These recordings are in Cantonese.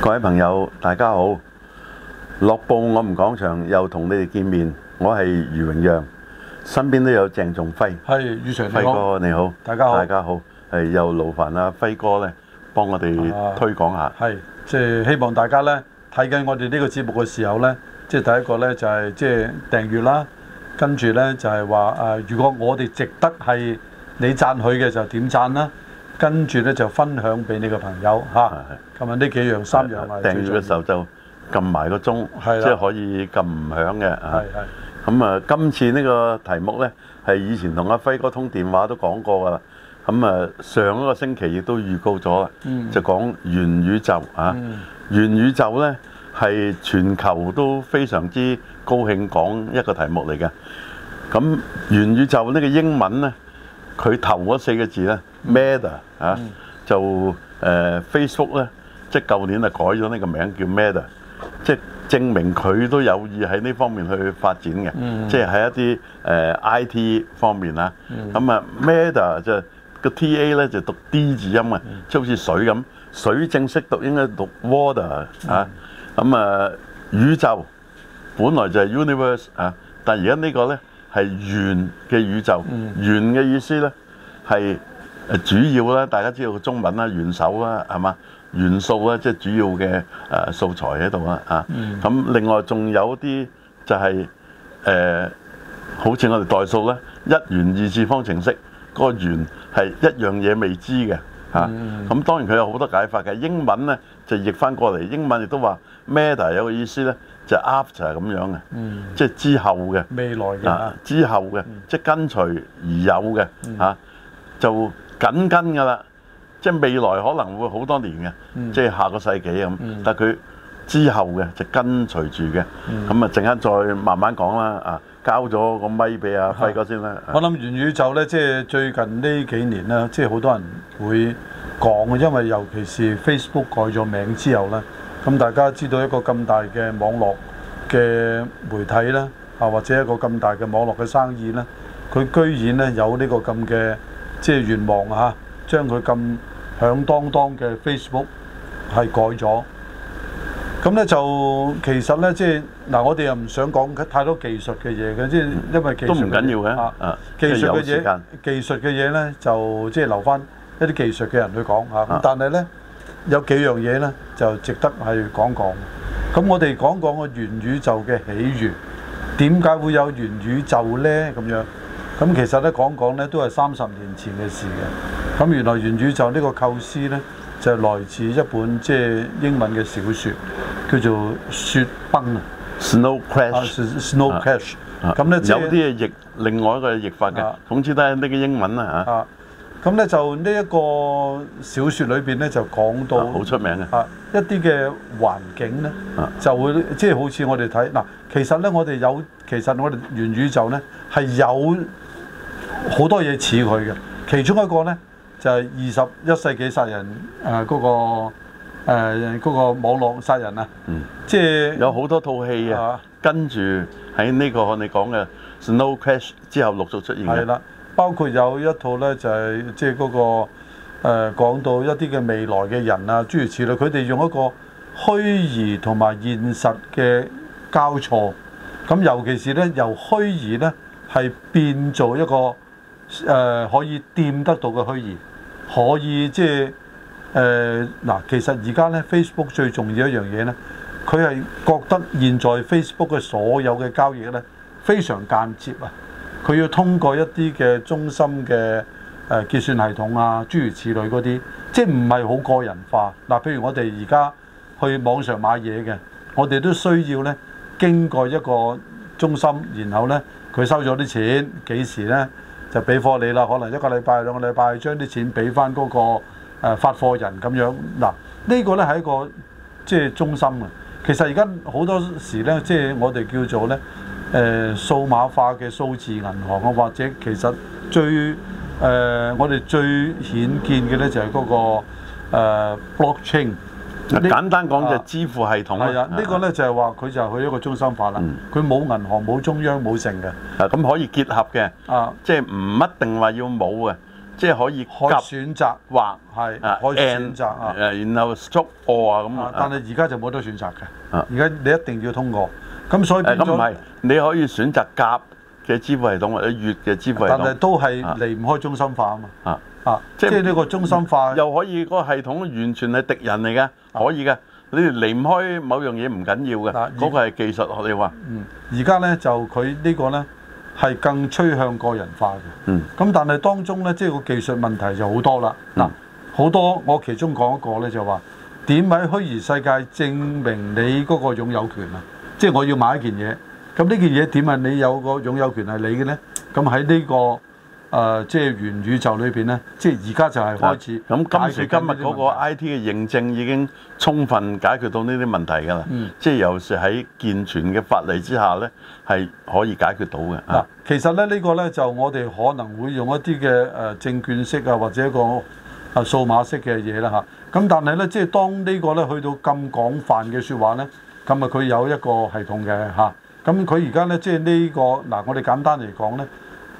各位朋友，大家好！樂報我們講場，又同你哋見面，我係余榮讓，身邊都有鄭仲輝，係余常輝哥，你好，大家好，大家好，係又勞煩阿輝哥咧，幫我哋推廣下，係即係希望大家咧睇緊我哋呢個節目嘅時候咧，即係第一個咧就係即係訂閱啦，跟住咧就係話誒，如果我哋值得係你讚佢嘅，就點讚啦。跟住咧就分享俾你個朋友嚇，咁啊呢幾樣三樣啊，訂住嘅時候就撳埋個鐘，即係是的 可以撳唔響嘅嚇。咁是啊，啊，今次呢個題目呢，係以前同阿輝哥通電話都講過噶啦，咁啊上一個星期亦都預告咗啦，嗯、就講元宇宙，啊，嗯、元宇宙啊，元宇宙呢，係全球都非常之高興講一個題目嚟嘅。咁元宇宙呢個英文呢。佢頭嗰四個字咧 Meta 啊，就誒、呃、Facebook 咧，即係舊年就改咗呢個名叫 Meta，即係證明佢都有意喺呢方面去發展嘅，mm hmm. 即係喺一啲誒、呃、IT 方面、mm hmm. 啊。咁啊 Meta 即係個 TA 咧就讀 D 字音啊，即係好似水咁，水正式讀應該讀 water 啊。咁、mm hmm. 啊，宇宙本來就係 universe 啊，但而家呢個咧。係元嘅宇宙，元嘅意思咧，係主要啦。大家知道中文啦，元首啦，係嘛元素啦，即、就、係、是、主要嘅誒素材喺度啦。啊、嗯，咁另外仲有啲就係、是、誒、呃，好似我哋代數咧，一元二次方程式個元係一樣嘢未知嘅嚇。咁、嗯、當然佢有好多解法嘅。英文咧就譯翻過嚟，英文亦都話 Meta 有個意思咧。就 after 咁樣嘅，嗯、即係之後嘅未來嘅、啊啊，之後嘅、嗯、即係跟隨而有嘅嚇、嗯啊，就緊跟㗎啦。即係未來可能會好多年嘅，嗯、即係下個世紀咁。嗯、但係佢之後嘅就跟隨住嘅，咁啊、嗯，陣間再慢慢講啦。啊，交咗個咪俾阿輝哥先啦。我諗元宇宙咧，即係最近呢幾年啦，即係好多人會講嘅，因為尤其是 Facebook 改咗名之後咧。咁大家知道一個咁大嘅網絡嘅媒體咧，啊或者一個咁大嘅網絡嘅生意咧，佢居然咧有呢個咁嘅即係願望啊！嚇，將佢咁響當當嘅 Facebook 係改咗。咁咧就其實咧即係嗱，我哋又唔想講太多技術嘅嘢嘅，即係因為技術都唔緊要嘅啊。技術嘅嘢，技術嘅嘢咧就即係留翻一啲技術嘅人去講啊。咁但係咧。有幾樣嘢咧，就值得係講講。咁我哋講講個元宇宙嘅起源，點解會有元宇宙咧？咁樣咁其實咧講講咧都係三十年前嘅事嘅。咁原來元宇宙呢個構思咧，就來自一本即係英文嘅小説，叫做雪崩啊，Snow Crash。Snow Crash。咁咧有啲嘢譯，另外一個譯法嘅，uh, 總之都係呢個英文啊、uh, 咁咧就呢一個小説裏邊咧就講到啊，好出名嘅啊，一啲嘅環境咧啊，就會即係、就是、好似我哋睇嗱，其實咧我哋有，其實我哋元宇宙咧係有好多嘢似佢嘅，其中一個咧就係、是、二十一世紀殺人誒嗰、啊那個誒嗰、啊那個網絡殺人啊，嗯，即係有好多套戲啊，跟住喺呢個我哋講嘅 Snow Crash 之後陸續出現嘅。包括有一套咧，就係即係嗰個誒講到一啲嘅未來嘅人啊，諸如此類，佢哋用一個虛擬同埋現實嘅交錯，咁尤其是咧由虛擬咧係變做一個誒可以掂得到嘅虛擬，可以即係誒嗱，其實而家咧 Facebook 最重要一樣嘢咧，佢係覺得現在 Facebook 嘅所有嘅交易咧非常間接啊。佢要通過一啲嘅中心嘅誒、呃、結算系統啊，諸如此類嗰啲，即係唔係好個人化嗱、呃。譬如我哋而家去網上買嘢嘅，我哋都需要呢經過一個中心，然後呢，佢收咗啲錢，幾時呢就俾貨你啦。可能一個禮拜兩個禮拜將啲錢俾翻嗰個誒發貨人咁樣嗱。呢個呢係一個即係中心啊。其實而家好多時呢，即係我哋叫做呢。誒數碼化嘅數字銀行啊，或者其實最誒我哋最顯見嘅咧就係嗰個 Blockchain，簡單講就係支付系統啦。啊，呢個咧就係話佢就去一個中心化啦，佢冇銀行、冇中央、冇剩嘅。啊，咁可以結合嘅。啊，即係唔一定話要冇嘅，即係可以夾選擇或係可以選擇啊，然後捉我啊咁啊。但係而家就冇得選擇嘅。而家你一定要通過。咁所以唔係，你可以選擇甲嘅支付系統或者乙嘅支付系統，系統但係都係離唔開中心化啊嘛。啊啊，啊即係呢個中心化，又可以、個系統完全係敵人嚟嘅，可以嘅。啊、你離唔開某樣嘢唔緊要嘅，嗰、啊、個係技術學你話。而嗯，而家咧就佢呢個咧係更趨向個人化嘅。嗯，咁但係當中咧即係個技術問題就好多啦。嗱、嗯，好多我其中講一個咧就話點喺虛擬世界證明你嗰個擁有權啊？即係我要買一件嘢，咁呢件嘢點啊？你有個擁有權係你嘅呢？咁喺呢個誒、呃、即係元宇宙裏邊呢，即係而家就係開始。咁、啊、今時今日嗰個 IT 嘅認證已經充分解決到呢啲問題㗎啦。嗯、即係又是喺健全嘅法例之下呢，係可以解決到嘅。嗱、嗯，其實咧呢、這個呢，就我哋可能會用一啲嘅誒證券式啊，或者一個數碼式的啊數碼式嘅嘢啦嚇。咁但係呢，即係當呢個呢，去到咁廣泛嘅説話呢。咁啊，佢有一個系統嘅嚇。咁佢而家咧，即係呢個嗱，我哋簡單嚟講咧，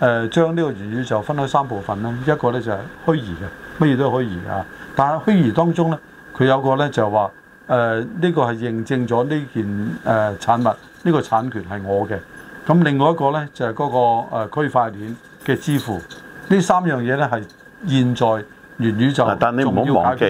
誒將呢個元宇就分開三部分啦。一個咧就係虛擬嘅，乜嘢都虛擬啊。但係虛擬當中咧，佢有個咧就係話，誒、呃、呢個係認證咗呢件誒產物，呢個產權係我嘅。咁另外一個咧就係嗰個誒區塊鏈嘅支付，呢三樣嘢咧係現在元宇宙，但你唔好忘記，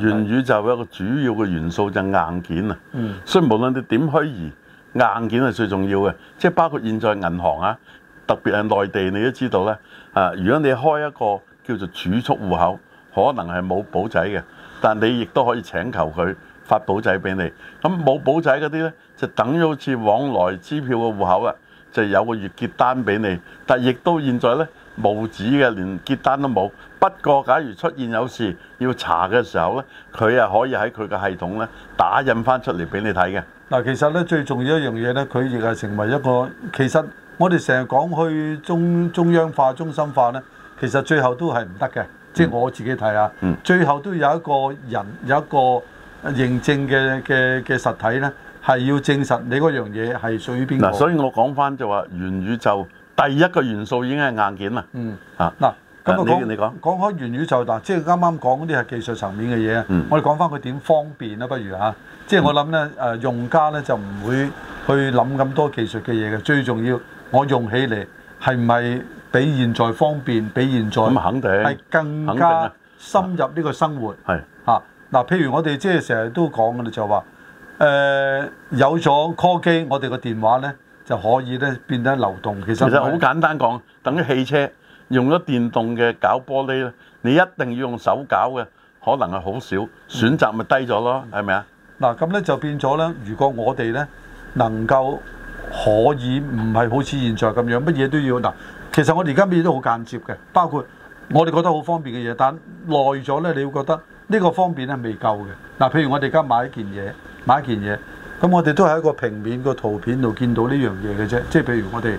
元宇宙一個主要嘅元素就係、硬件啊。嗯、所以無論你點虛擬，硬件係最重要嘅，即係包括現在銀行啊，特別係內地，你都知道咧。啊，如果你開一個叫做儲蓄戶口，可能係冇簿仔嘅，但你亦都可以請求佢發簿仔俾你。咁冇簿仔嗰啲咧，就等於好似往來支票嘅戶口啊，就有個月結單俾你，但亦都現在咧冇紙嘅，連結單都冇。不過，假如出現有事要查嘅時候咧，佢啊，可以喺佢嘅系統咧打印翻出嚟俾你睇嘅。嗱，其實咧最重要的一樣嘢咧，佢亦係成為一個其實我哋成日講去中中央化、中心化咧，其實最後都係唔得嘅。即係、嗯、我自己睇啊，嗯、最後都有一個人有一個認證嘅嘅嘅實體咧，係要證實你嗰樣嘢係屬於邊個。所以我講翻就話元宇宙第一個元素已經係硬件啦。嗯。啊。嗱。咁啊，講講開元宇宙，嗱，即係啱啱講嗰啲係技術層面嘅嘢啊。我哋講翻佢點方便啊，不如嚇。即係我諗咧，誒、嗯、用家咧就唔會去諗咁多技術嘅嘢嘅。最重要，我用起嚟係唔係比現在方便？比現在咁肯定，係更加深入呢個生活。係嚇嗱，譬如我哋即係成日都講嘅就話誒、呃、有咗科技，我哋個電話咧就可以咧變得流動。其實其實好簡單講，等於汽車。用咗電動嘅搞玻璃咧，你一定要用手搞嘅，可能係好少選擇，咪低咗咯，係咪啊？嗱，咁咧就變咗咧。如果我哋咧能夠可以唔係好似現在咁樣，乜嘢都要嗱。其實我哋而家咩都好間接嘅，包括我哋覺得好方便嘅嘢，但耐咗咧，你會覺得呢個方便咧係未夠嘅。嗱，譬如我哋而家買一件嘢，買一件嘢。咁我哋都喺一個平面個圖片度見到呢樣嘢嘅啫，即係譬如我哋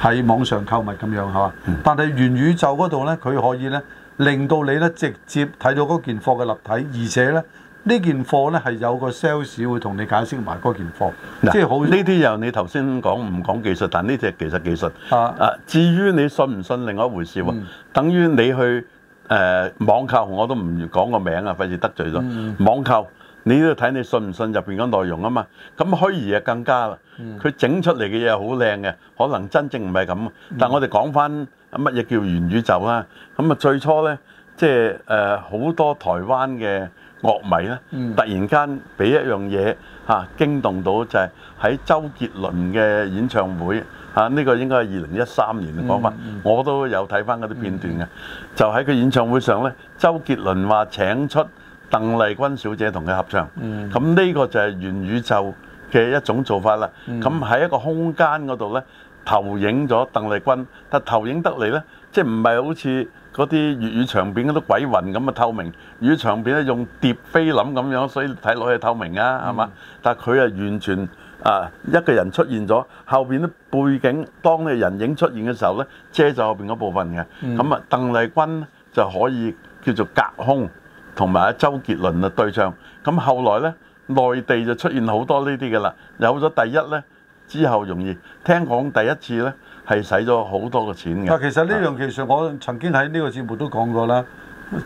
喺網上購物咁樣嚇。嗯、但係元宇宙嗰度咧，佢可以咧令到你咧直接睇到嗰件貨嘅立體，而且咧呢這件貨咧係有個 sales 會同你解釋埋嗰件貨，這即係好呢啲由你頭先講唔講技術，但呢只技術技術啊。啊，至於你信唔信，另外一回事喎。嗯、等於你去誒、呃、網購，我都唔講個名啊，費事得罪咗、嗯、網購。你都睇你信唔信入邊個內容啊嘛，咁虛擬啊更加啦，佢整、嗯、出嚟嘅嘢好靚嘅，可能真正唔係咁。嗯、但我哋講翻乜嘢叫元宇宙啦，咁啊最初咧，即係誒好多台灣嘅樂迷咧，嗯、突然間俾一樣嘢吓驚動到就係、是、喺周杰倫嘅演唱會啊。呢、這個應該係二零一三年嘅講法，嗯嗯、我都有睇翻嗰啲片段嘅，嗯、就喺佢演唱會上咧，周杰倫話請出。鄧麗君小姐同佢合唱，咁呢個就係元宇宙嘅一種做法啦。咁喺一個空間嗰度咧，投影咗鄧麗君，但投影得嚟咧，即係唔係好似嗰啲粵語長片嗰啲鬼魂咁啊透明？粵語長片咧用疊菲林咁樣，所以睇落去係透明啊，係嘛？但係佢係完全啊一個人出現咗，後邊啲背景當你人影出現嘅時候咧，遮咗後邊嗰部分嘅。咁啊，鄧麗君就可以叫做隔空。同埋阿周杰倫啊對象，咁後來咧，內地就出現好多呢啲嘅啦。有咗第一咧，之後容易聽講第一次咧係使咗好多嘅錢嘅。但係其實呢樣技術，我曾經喺呢個節目都講過啦。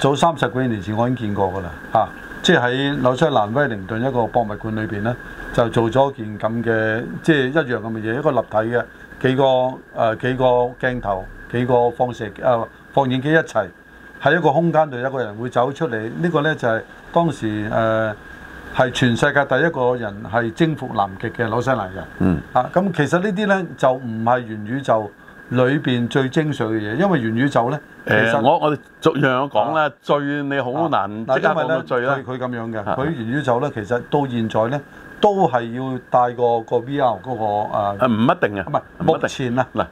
早三十幾年前我已經見過㗎啦，嚇！即係喺紐西蘭威靈頓一個博物館裏邊咧，就做咗件咁嘅，即係一樣咁嘅嘢，一個立體嘅幾個誒幾個鏡頭、幾個放射誒放映機一齊。喺一個空間度，一個人會走出嚟。呢個咧就係當時誒，係全世界第一個人係征服南極嘅紐西蘭人。嗯。啊，咁其實呢啲咧就唔係元宇宙裏邊最精髓嘅嘢，因為元宇宙咧其實，我我哋逐樣講咧，最你好難。但係因為咧，最咧佢咁樣嘅，佢元宇宙咧，其實到現在咧都係要帶個個 V R 嗰個啊。誒唔一定嘅，唔係目前啊嗱，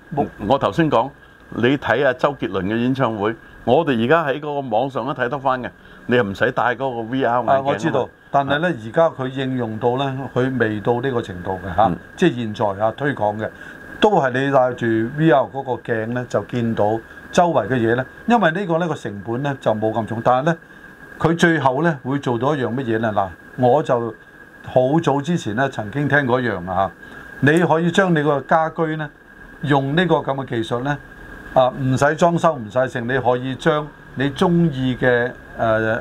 我頭先講你睇下周杰倫嘅演唱會。我哋而家喺嗰個網上都睇得返嘅，你又唔使戴嗰個 VR 眼鏡。啊，我知道，但係呢，而家佢應用到呢，佢未到呢個程度嘅嚇，即係現在啊推廣嘅，都係你戴住 VR 嗰個鏡呢就見到周圍嘅嘢呢，因為呢個呢個成本呢就冇咁重，但係呢佢最後呢會做到一樣乜嘢呢嗱，我就好早之前呢曾經聽過一樣啊嚇，你可以將你個家居呢用呢個咁嘅技術呢。啊！唔使裝修唔使剩。你可以將你中意嘅誒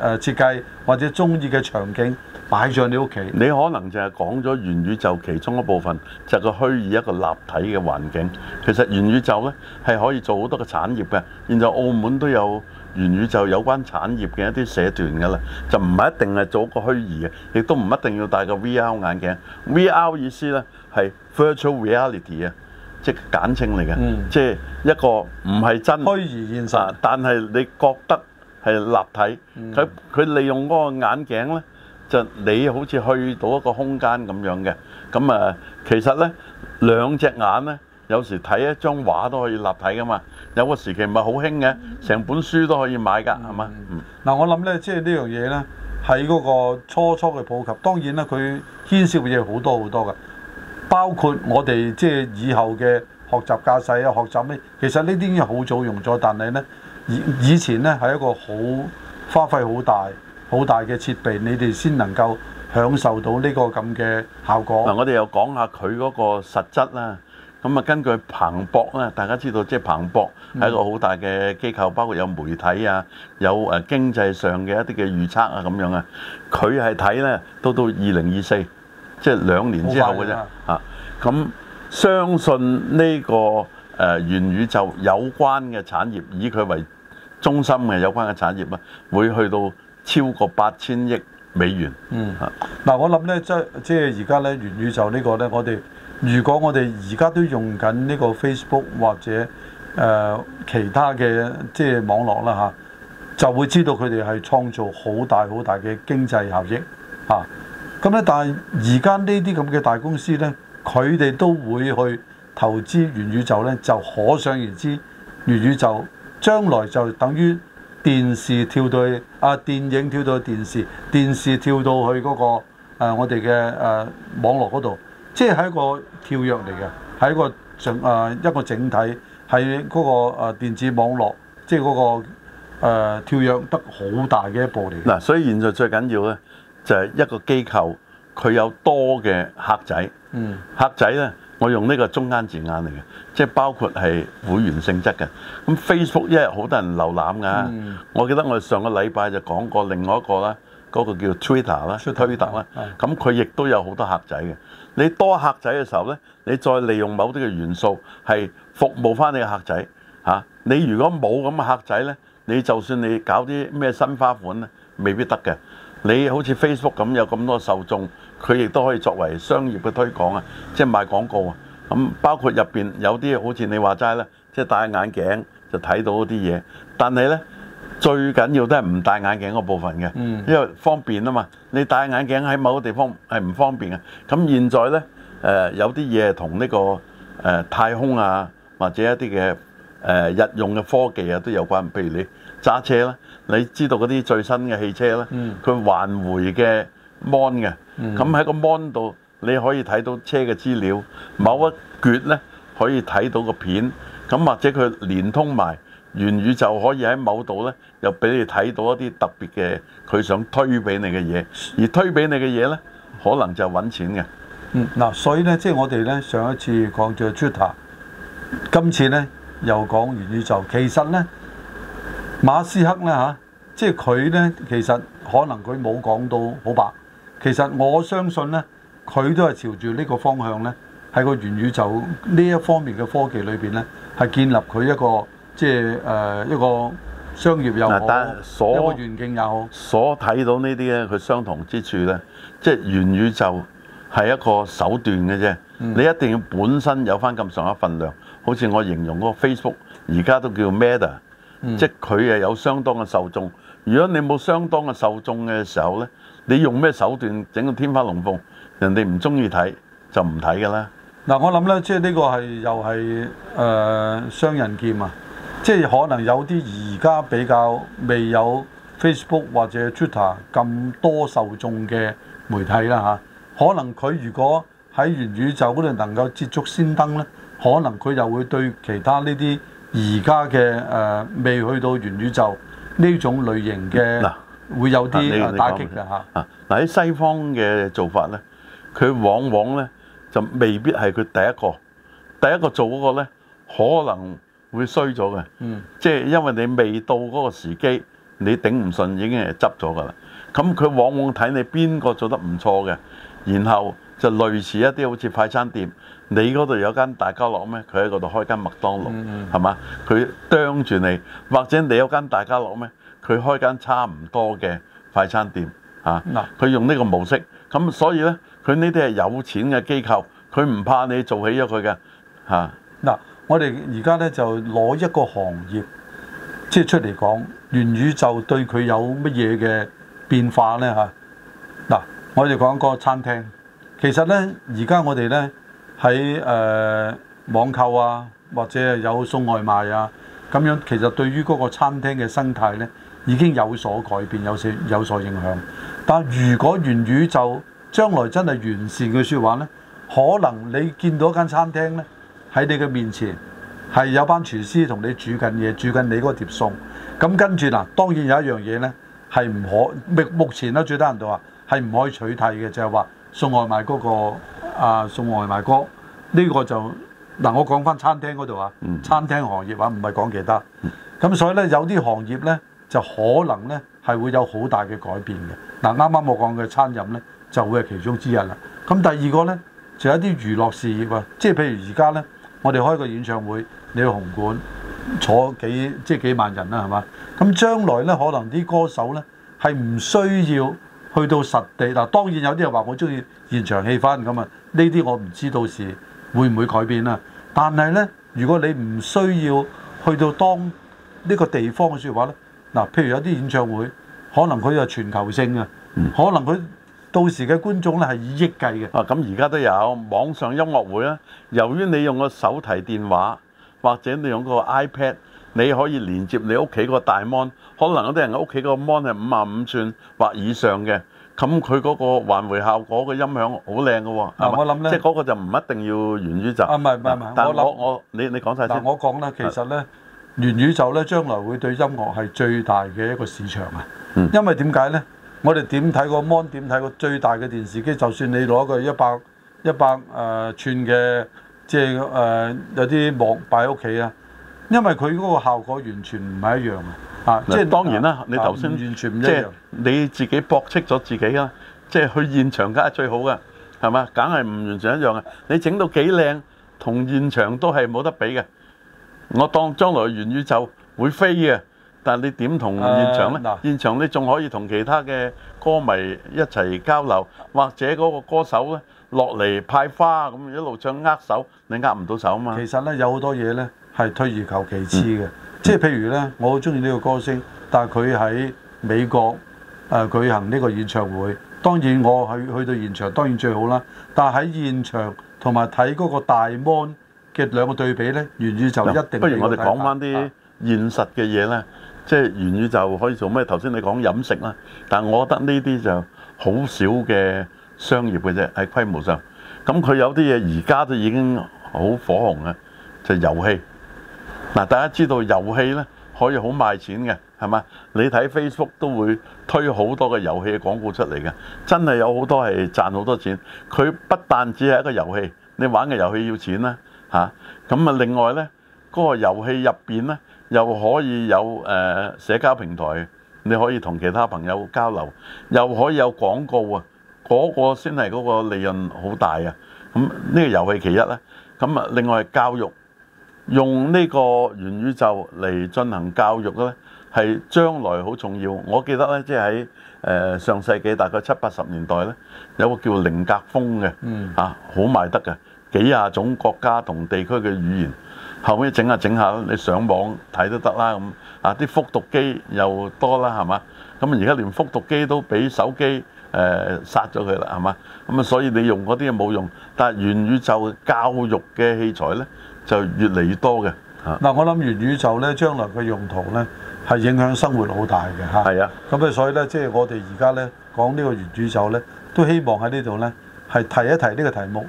誒設計或者中意嘅場景擺在你屋企。你可能就係講咗元宇宙其中一部分，就係個虛擬一個立體嘅環境。其實元宇宙呢係可以做好多個產業嘅。現在澳門都有元宇宙有關產業嘅一啲社團㗎啦，就唔係一定係做個虛擬嘅，亦都唔一定要戴個 VR 眼鏡。VR 意思呢係 Virtual Reality 啊。即係簡稱嚟嘅，嗯、即係一個唔係真虛擬現實，啊、但係你覺得係立體。佢佢、嗯、利用嗰個眼鏡咧，就你好似去到一個空間咁樣嘅。咁、嗯、啊，其實咧兩隻眼咧，有時睇一張畫都可以立體㗎嘛。有個時期唔係好興嘅，成、嗯、本書都可以買㗎，係嘛？嗱，我諗咧，即係呢樣嘢咧，喺嗰個初初嘅普及，當然啦，佢牽涉嘅嘢好多好多㗎。包括我哋即係以後嘅學習駕駛啊，學習咩？其實呢啲已經好早用咗，但係呢以以前呢，係一個好花費好大，好大嘅設備，你哋先能夠享受到呢個咁嘅效果。嗱，我哋又講下佢嗰個實質啦。咁啊，根據彭博啦，大家知道即係彭博係一個好大嘅機構，嗯、包括有媒體啊，有誒經濟上嘅一啲嘅預測啊咁樣啊，佢係睇咧到到二零二四。即係兩年之後嘅啫，啊！咁、啊、相信呢、呢個誒、呃、元宇宙有關嘅產業，以佢為中心嘅有關嘅產業啊，會去到超過八千億美元。嗯，啊！嗱，我諗咧，即即係而家咧元宇宙個呢個咧，我哋如果我哋而家都用緊呢個 Facebook 或者誒、呃、其他嘅即係網絡啦嚇、啊，就會知道佢哋係創造好大好大嘅經濟效益啊！咁咧，但係而家呢啲咁嘅大公司呢，佢哋都會去投資元宇宙呢，就可想而知，元宇宙將來就等於電視跳到去啊，電影跳到去電視，電視跳到去嗰、嗰個、呃、我哋嘅誒網絡嗰度，即係喺一個跳躍嚟嘅，係一個整誒、呃、一個整體，係嗰、嗰個誒、呃、電子網絡，即係嗰、嗰個、呃、跳躍得好大嘅一步嚟。嗱，所以現在最緊要呢，就係一個機構，佢有多嘅客仔。嗯，客仔咧，我用呢個中間字眼嚟嘅，即包括係會員性質嘅。咁 Facebook 一日好多人瀏覽㗎。嗯，我記得我哋上個禮拜就講過另外一個啦，嗰、那個叫 Twitter, Twitter 啦、啊，推特啦。咁佢亦都有好多客仔嘅。你多客仔嘅時候咧，你再利用某啲嘅元素係服務翻你嘅客仔，啊、你如果冇咁嘅客仔咧，你就算你搞啲咩新花款咧，未必得嘅。你好似 Facebook 咁有咁多受眾，佢亦都可以作為商業嘅推廣啊，即係賣廣告啊。咁包括入面有啲好似你話齋咧，即係戴眼鏡就睇到啲嘢。但係咧，最緊要都係唔戴眼鏡嗰部分嘅，因為方便啊嘛。你戴眼鏡喺某個地方係唔方便啊。咁現在咧，誒有啲嘢同呢個誒太空啊，或者一啲嘅誒日用嘅科技啊都有關，譬如你。揸車啦，你知道嗰啲最新嘅汽車咧，佢環、嗯、回嘅 mon 嘅，咁喺個 mon 度你可以睇到車嘅資料，某一橛咧可以睇到個片，咁或者佢連通埋元宇宙，可以喺某度咧又俾你睇到一啲特別嘅佢想推俾你嘅嘢，而推俾你嘅嘢咧可能就係揾錢嘅。嗯，嗱，所以咧即係我哋咧上一次講咗 Twitter，今次咧又講元宇宙，其實咧。馬斯克咧嚇，即係佢咧，其實可能佢冇講到好白。其實我相信咧，佢都係朝住呢個方向咧，喺個元宇宙呢一方面嘅科技裏面咧，係建立佢一個即係、呃、一個商業又好，但所一個願景又好。所睇到些呢啲咧，佢相同之處咧，即係元宇宙係一個手段嘅啫。嗯、你一定要本身有翻咁上下份量，好似我形容嗰個 Facebook，而家都叫 Meta。嗯、即佢誒有相當嘅受眾，如果你冇相當嘅受眾嘅時候呢，你用咩手段整個天花龍鳳，人哋唔中意睇就唔睇㗎啦。嗱、嗯，我諗呢、這個呃，即係呢個係又係雙刃劍啊！即係可能有啲而家比較未有 Facebook 或者 Twitter 咁多受眾嘅媒體啦嚇，可能佢如果喺元宇宙嗰度能夠捷足先登呢，可能佢又會對其他呢啲。而家嘅誒未去到元宇宙呢種類型嘅，會有啲打擊㗎吓。嗱，喺西方嘅做法咧，佢往往咧就未必係佢第一個，第一個做嗰個咧可能會衰咗嘅。嗯，即係因為你未到嗰個時機，你頂唔順已經係執咗㗎啦。咁佢往往睇你邊個做得唔錯嘅，然後。就類似一啲好似快餐店。你嗰度有間大家樂咩？佢喺嗰度開間麥當勞，係嘛、嗯嗯？佢啄住你，或者你有間大家樂咩？佢開間差唔多嘅快餐店，嚇、啊。嗱，佢用呢個模式，咁所以咧，佢呢啲係有錢嘅機構，佢唔怕你做起咗佢嘅嚇。嗱，我哋而家咧就攞一個行業即係出嚟講，元宇宙對佢有乜嘢嘅變化咧嚇？嗱、嗯，我哋講個餐廳。其實呢，而家我哋呢喺誒、呃、網購啊，或者有送外賣啊，咁樣其實對於嗰個餐廳嘅生態呢已經有所改變，有所有所影響。但如果元宇宙將來真係完善嘅說話呢，可能你見到間餐廳呢，喺你嘅面前係有班廚師同你煮緊嘢，煮緊你嗰碟餸。咁跟住嗱，當然有一樣嘢呢係唔可，目前咧最大限度啊，係唔可以取締嘅，就係、是、話。送外賣嗰個啊，送外賣哥呢個就嗱，我講返餐廳嗰度啊，餐廳行業啊，唔係講其他。咁所以呢，有啲行業呢，就可能呢，係會有好大嘅改變嘅。嗱啱啱我講嘅餐飲呢，就會係其中之一啦。咁第二個呢，就係一啲娛樂事業啊，即係譬如而家呢，我哋開個演唱會，你去紅館坐幾即係幾萬人啦，係嘛？咁將來呢，可能啲歌手呢，係唔需要。去到實地嗱，當然有啲人話我中意現場氣氛咁啊，呢啲我唔知道到時會唔會改變啦。但係呢，如果你唔需要去到當呢個地方嘅説話呢，嗱，譬如有啲演唱會，可能佢有全球性嘅，嗯、可能佢到時嘅觀眾呢係以億計嘅。啊，咁而家都有網上音樂會啊，由於你用個手提電話或者你用個 iPad。你可以連接你屋企個大 mon，可能有啲人屋企嗰個 mon 係五啊五寸或以上嘅，咁佢嗰個環回效果嘅音響好靚嘅喎。嗯、吧我諗咧，即係嗰個就唔一定要元宇宙。啊唔係唔係唔係，我你你說、啊、我你你講曬先，我講咧，其實咧元宇宙咧將來會對音樂係最大嘅一個市場啊。嗯、因為點解咧？我哋點睇個 mon？點睇個最大嘅電視機？就算你攞個一百一百誒寸嘅，即係誒有啲幕擺喺屋企啊。因為佢嗰個效果完全唔係一樣啊！即係當然啦，你頭先完全唔一樣，即係你自己駁斥咗自己啦。即係去現場梗係最好㗎，係嘛？梗係唔完全一樣嘅！你整到幾靚，同現場都係冇得比嘅。我當將來元宇宙會飛嘅，但係你點同現場呢？現場你仲可以同其他嘅歌迷一齊交流，或者嗰個歌手呢，落嚟派花咁一路唱握手，你握唔到手啊嘛！其實呢，有好多嘢呢。係退而求其次嘅，即係譬如呢，我好中意呢個歌星，但係佢喺美國誒舉、呃、行呢個演唱會，當然我去去到現場當然最好啦。但係喺現場同埋睇嗰個大 mon 嘅兩個對比呢，元宇宙就一定一，不如我哋講翻啲現實嘅嘢呢，啊、即係元宇宙就可以做咩？頭先你講飲食啦，但我覺得呢啲就好少嘅商業嘅啫，喺規模上。咁佢有啲嘢而家都已經好火紅嘅，就是、遊戲。嗱，大家知道遊戲咧可以好賣錢嘅，係嘛？你睇 Facebook 都會推好多嘅遊戲廣告出嚟嘅，真係有好多係賺好多錢。佢不但只係一個遊戲，你玩嘅遊戲要錢啦嚇。咁啊，另外咧，嗰、嗰個遊戲入邊咧又可以有、呃、社交平台，你可以同其他朋友交流，又可以有廣告啊。嗰、嗰個先係嗰個利潤好大啊。咁呢個遊戲其一啦，咁啊另外係教育。用呢個元宇宙嚟進行教育咧，係將來好重要。我記得咧，即係喺誒上世紀大概七八十年代咧，有個叫靈格風嘅，啊、嗯、好賣得嘅，幾廿種國家同地區嘅語言。後尾整下整下，你上網睇都得啦咁。啊，啲復讀機又多啦，係嘛？咁而家連復讀機都俾手機誒殺咗佢啦，係嘛？咁啊，所以你用嗰啲又冇用，但係元宇宙教育嘅器材呢就越嚟越多嘅。嗱，我諗元宇宙呢，將來嘅用途呢，係影響生活好大嘅嚇。係啊，咁所以呢，即係我哋而家呢，講呢個元宇宙呢，都希望喺呢度呢，係提一提呢個題目，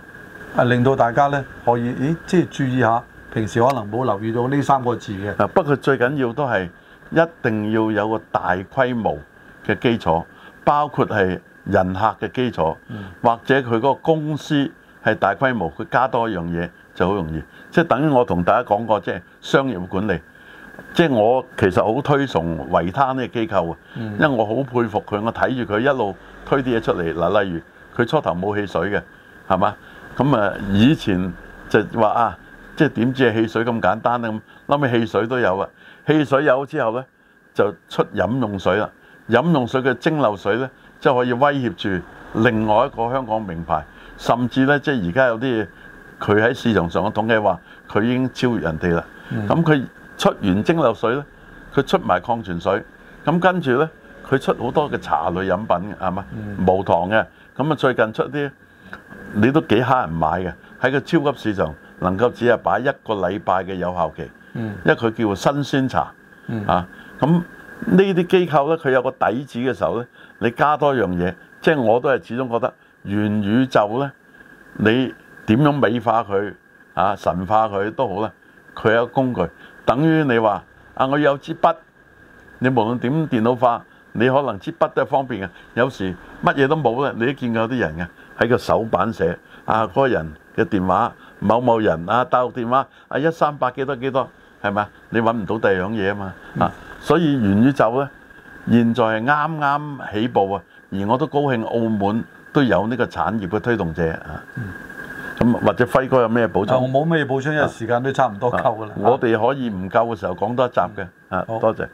係令到大家呢，可以，咦，即係注意下，平時可能冇留意到呢三個字嘅。不過最緊要都係一定要有個大規模嘅基礎，包括係。人客嘅基礎，或者佢嗰個公司係大規模，佢加多一樣嘢就好容易。即係等於我同大家講過，即係商業管理。即係我其實好推崇維他呢個機構啊，因為我好佩服佢，我睇住佢一路推啲嘢出嚟嗱。例如佢初頭冇汽水嘅，係嘛？咁啊，以前就話啊，即係點知係汽水咁簡單咧？咁諗起汽水都有啊，汽水有之後咧，就出飲用水啦。飲用水嘅蒸餾水咧。即可以威脅住另外一個香港名牌，甚至咧，即係而家有啲嘢，佢喺市場上嘅統計話，佢已經超越人哋啦。咁佢、嗯、出完蒸餾水咧，佢出埋礦泉水，咁跟住咧，佢出好多嘅茶類飲品嘅，係嘛？嗯、無糖嘅，咁啊最近出啲，你都幾蝦人買嘅，喺個超級市場能夠只係擺一個禮拜嘅有效期，嗯、因為佢叫做新鮮茶、嗯、啊。咁呢啲機構咧，佢有個底子嘅時候咧。你加多樣嘢，即係我都係始終覺得元宇宙咧，你點樣美化佢啊，神化佢都好啦，佢有工具，等於你話啊，我有支筆，你無論點電腦化，你可能支筆都係方便嘅。有時乜嘢都冇啦，你都見過啲人嘅，喺個手板寫啊，嗰個人嘅電話某某人啊，大陸電話啊，一三八幾多幾多，係咪啊？你搵唔到第二樣嘢啊嘛啊，嗯、所以元宇宙咧。現在係啱啱起步啊，而我都高興澳門都有呢個產業嘅推動者啊。嗯、或者輝哥有咩補充？啊，我冇咩補充，因為、啊、時間都差唔多夠喇、啊啊、我哋可以唔夠嘅時候講多一集嘅。多謝。